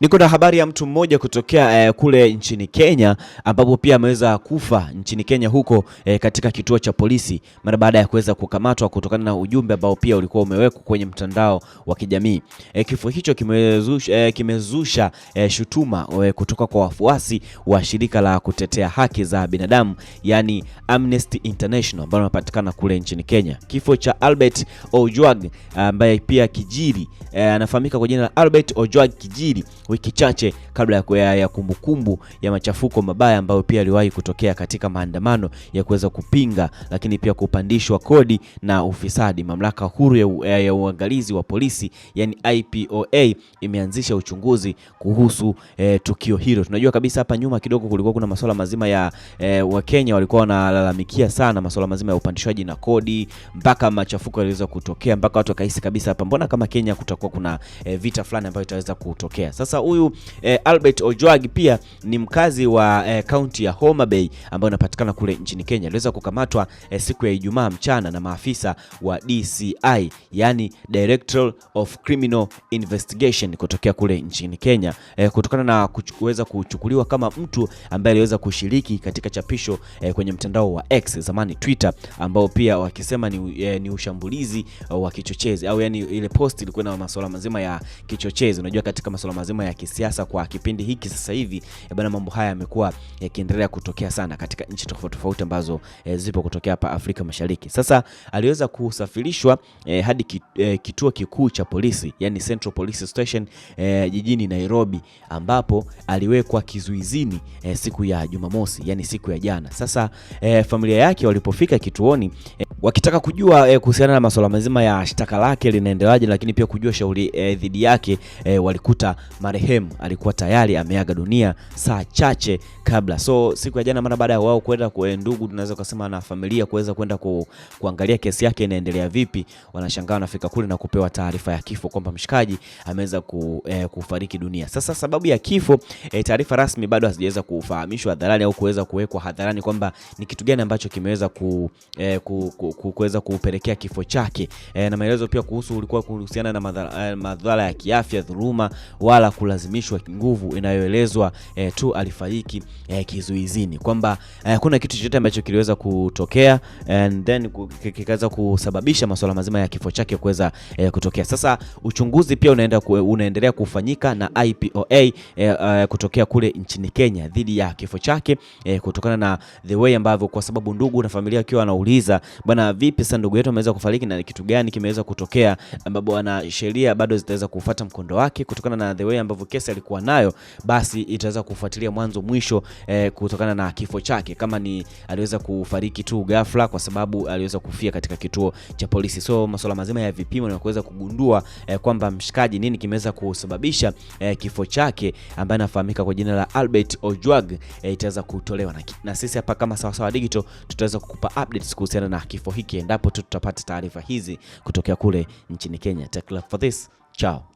Niko na habari ya mtu mmoja kutokea eh, kule nchini Kenya ambapo pia ameweza kufa nchini Kenya huko eh, katika kituo cha polisi mara baada ya kuweza kukamatwa kutokana na ujumbe ambao pia ulikuwa umewekwa kwenye mtandao wa kijamii. Eh, kifo hicho kimezusha, eh, kimezusha eh, shutuma eh, kutoka kwa wafuasi wa shirika la kutetea haki za binadamu yani Amnesty International ambalo linapatikana kule nchini Kenya. Kifo cha Albert Ojwang ambaye pia Kijiri eh, anafahamika kwa jina la Albert Ojwang Kijiri wiki chache kabla ya kumbukumbu ya machafuko mabaya ambayo pia yaliwahi kutokea katika maandamano ya kuweza kupinga, lakini pia kupandishwa kodi na ufisadi. Mamlaka huru ya, ya uangalizi wa polisi yani IPOA imeanzisha uchunguzi kuhusu eh, tukio hilo. Tunajua kabisa hapa nyuma kidogo kulikuwa kuna masuala mazima ya eh, Wakenya walikuwa wanalalamikia sana masuala mazima ya upandishwaji na kodi mpaka machafuko yaliweza kutokea mpaka watu wakahisi kabisa hapa, mbona kama Kenya kutakuwa kuna eh, vita fulani ambayo itaweza kutokea sasa sasa huyu eh, Albert Ojwagi pia ni mkazi wa eh, kaunti eh, ya Homa Bay ambayo inapatikana kule nchini Kenya. Aliweza kukamatwa eh, siku ya Ijumaa mchana na maafisa wa DCI, yani Director of Criminal Investigation kutokea kule nchini Kenya eh, kutokana na kuweza kuchukuliwa kama mtu ambaye aliweza kushiriki katika chapisho eh, kwenye mtandao wa X zamani Twitter, ambao pia wakisema ni, eh, ni ushambulizi eh, wa kichochezi au yani ile post ilikuwa na masuala mazima ya kichochezi. Unajua katika masuala mazima ya kisiasa kwa kipindi hiki sasa hivi e, bana, mambo haya yamekuwa yakiendelea kutokea sana katika nchi tofauti tofauti ambazo e, zipo kutokea hapa Afrika Mashariki. Sasa aliweza kusafirishwa e, hadi e, kituo kikuu cha polisi yani Central Police Station e, jijini Nairobi ambapo aliwekwa kizuizini e, siku ya Jumamosi yani siku ya jana. Sasa e, familia yake walipofika kituoni e, wakitaka kujua e, kuhusiana na masuala mazima ya shtaka lake linaendeleaje, lakini pia kujua shauri e, dhidi yake e, walikuta marehemu alikuwa tayari ameaga dunia saa chache kabla. So siku ya jana, mara baada ya wao kwenda kwa ndugu, tunaweza kusema na familia kuweza kwenda ku, kuangalia kesi yake inaendelea vipi, wanashangaa wanafika kule na kupewa taarifa ya kifo kwamba mshikaji ameweza ku, e, kufariki dunia. Sasa sababu ya kifo e, taarifa rasmi bado hazijaweza kufahamishwa hadharani au kuweza kuwekwa hadharani kwamba ni kitu gani ambacho kimeweza ku, e, ku, ku kuweza kupelekea kifo chake e, na maelezo pia kuhusu ulikuwa kuhusiana na e, madhara, ya kiafya, dhuluma wala kulazimishwa nguvu inayoelezwa e, tu alifariki e, kizuizini, kwamba e, kuna kitu chochote ambacho kiliweza kutokea and then kikaweza kusababisha masuala mazima ya kifo chake kuweza e, kutokea. Sasa uchunguzi pia unaenda unaendelea kufanyika na IPOA e, e, kutokea kule nchini Kenya dhidi ya kifo chake e, kutokana na the way ambavyo, kwa sababu ndugu na familia akiwa anauliza bwana na vipi sasa ndugu yetu ameweza kufariki na kitu gani kimeweza kutokea, ambapo ana sheria bado zitaweza kufuata mkondo wake kutokana na the way ambavyo kesi alikuwa nayo, basi itaweza kufuatilia mwanzo mwisho eh, kutokana na kifo chake, kama ni aliweza kufariki tu ghafla, kwa sababu aliweza kufia katika kituo cha polisi. So masuala mazima ya vipimo na kuweza kugundua eh, kwamba mshikaji nini kimeweza kusababisha eh, kifo chake ambaye anafahamika kwa jina la Albert Ojwang eh, itaweza kutolewa na, na sisi hapa kama Sawasawa Digital tutaweza kukupa updates kuhusiana na kifo kifo hiki endapo tu tutapata taarifa hizi kutokea kule nchini Kenya. Take love for this. Ciao.